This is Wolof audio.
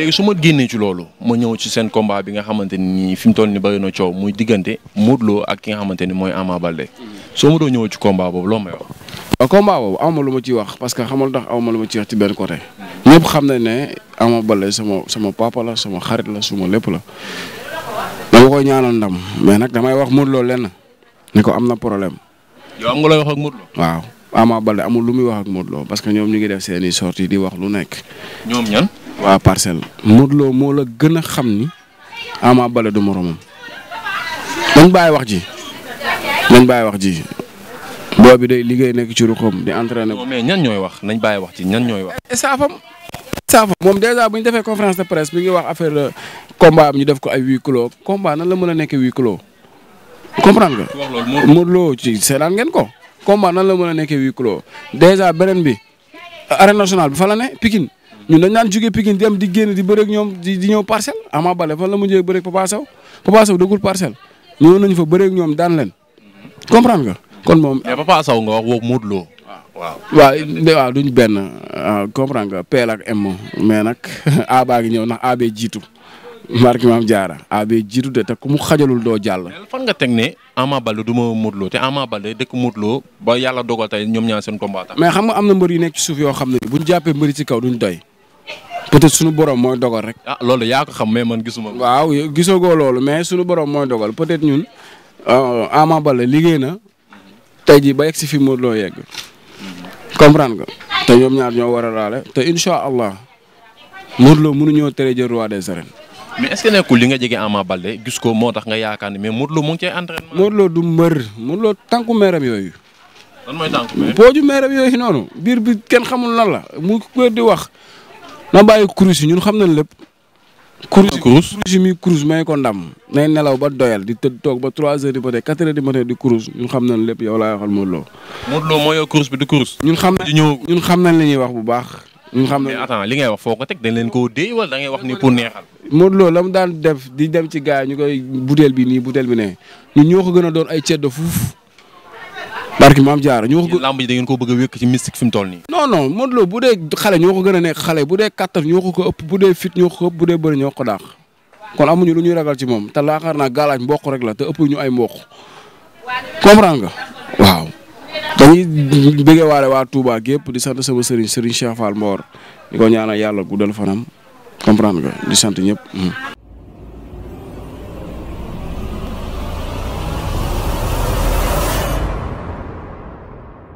léegi su ma génnee ci loolu ma ñëw ci seen combat bi nga xamante ni fi mu toll ni bëri na coow muy diggante Modou ak ki nga xamante ni mooy Ama Baldé soo ma doo ñëw ci combat boobu loo may wax. waaw ma ciy wax parce que xamal tax aw ma lu ma ci benn côté. ñëpp xam nañ ne Ama Baldé sama sama papa sama xarit la suma lépp la. dama koy ñaanal ndam mais nag damay wax Modou Lo ne ko am na problème. yow nga looy wax ak Modou Lo. waaw Ama Baldé lu muy wax ak Modou parce que ñoom ñu ngi def seen i sorties di wax lu nekk. ñoom ñan. waa parcelle Modou Lo moo la gën a xam ni Ama Baldé du moromam dañ baay wax ji dañ bàyyi wax ji boobi de liggéey nekk ci ruxam di entraîné. mais ñan ñooy wax nañ bàyyi wax ci ñan ñooy wax. saafam saafam moom dèjà bu ñu defee conférence de presse bi ngi wax affaire euh, combat am ñu def ko ay huis clos combat nan la mën a nekk huis clos comprendre nga. wax loolu ko. combat la mën a nekkee huis clos dèjà beneen bi arène national bi fala la ne Pikine ñun nañ naan jógee Pikine dem di génn di bëreeg ñoom di di ñëw parcelle Ama Baldé fan la mujjee bëreeg Papa Sow Papa Sow dëggul parcelle ñëw nañu fa bëreeg ñoom daan leen comprendre nga kon moom. mais Papa Sow nga wax woo Modou Lo. waaw waaw waaw duñ benn ah, comprendre nga peel ak nag A ñëw ndax A bee jiitu marque maam jaara A bee jiitu de te ku mu xajalul doo jàll. fan nga teg ba xam am na mbër yu nekk ci suuf yoo xam ne buñ jàppee mbëri ci kaw duñ doy peut-être suñu borom mooy dogal rek. ah loolu yaa ko xam mais man gisuma. waaw gisagoo loolu mais suñu borom mooy dogal peut-être ñun euh, Ama Baldé liggéey na tey jii ba yegg si fi Modou loo yegg comprendre nga te ñoom ñaar ñoo war a raale te incha allah Modou Lo mënuñoo tere jël roi des arènes. mais est-ce que li nga jege Ama Baldé gis ko moo tax nga yaakaar ni mais Modou Lo mu ngi cay entraînement. Modou Lo du mbër Modou Lo tànku yooyu. lan mooy tànku pooju meeram yooyu noonu biir bi kenn xamul lan la mu ko na bàyyi kurus yi ñun xam nañ lépp. kurus kurus yi muy kurus may ko ndam. nay nelaw ba doyal di tëdd toog ba 3 heures du matin 4 heures du matin di kurus ñun xam nañ lépp yow laa waxal Modou Lo. Modou Lo bi di kurus. ñun xam nañ ñun xam nañ li ñuy wax bu baax. ñun xam nañ mais li ngay wax foo ko teg dañ leen koo dee wala da ngay wax ni pour neexal. Modou Lo la mu daan def di dem ci gars ñu koy butéel bi nii butéel bi ne ñun ñoo ko gën a doon ay ceddo fuuf barki mam Diarra ñoo ko. lamb ji ko bëgg a wékk ci mystique fi mu toll nii. non non Modou xale a bu dee kattan ñoo ko ko ëpp bu dee fit ñoo ko ëpp bu dee bëri ñoo ko daax kon amuñu lu ñuy ragal ci moom te laakaar naa gaalaaj mboq rek la te ëpp ñu ay mboq comprendre nga waaw. dañuy bëggee waale waa Touba gépp di sant sama sëriñ sëriñ Cheikh Fall Mbor di ko ñaana yàlla guddal fanam comprendre nga di sant ñëpp. Hmm.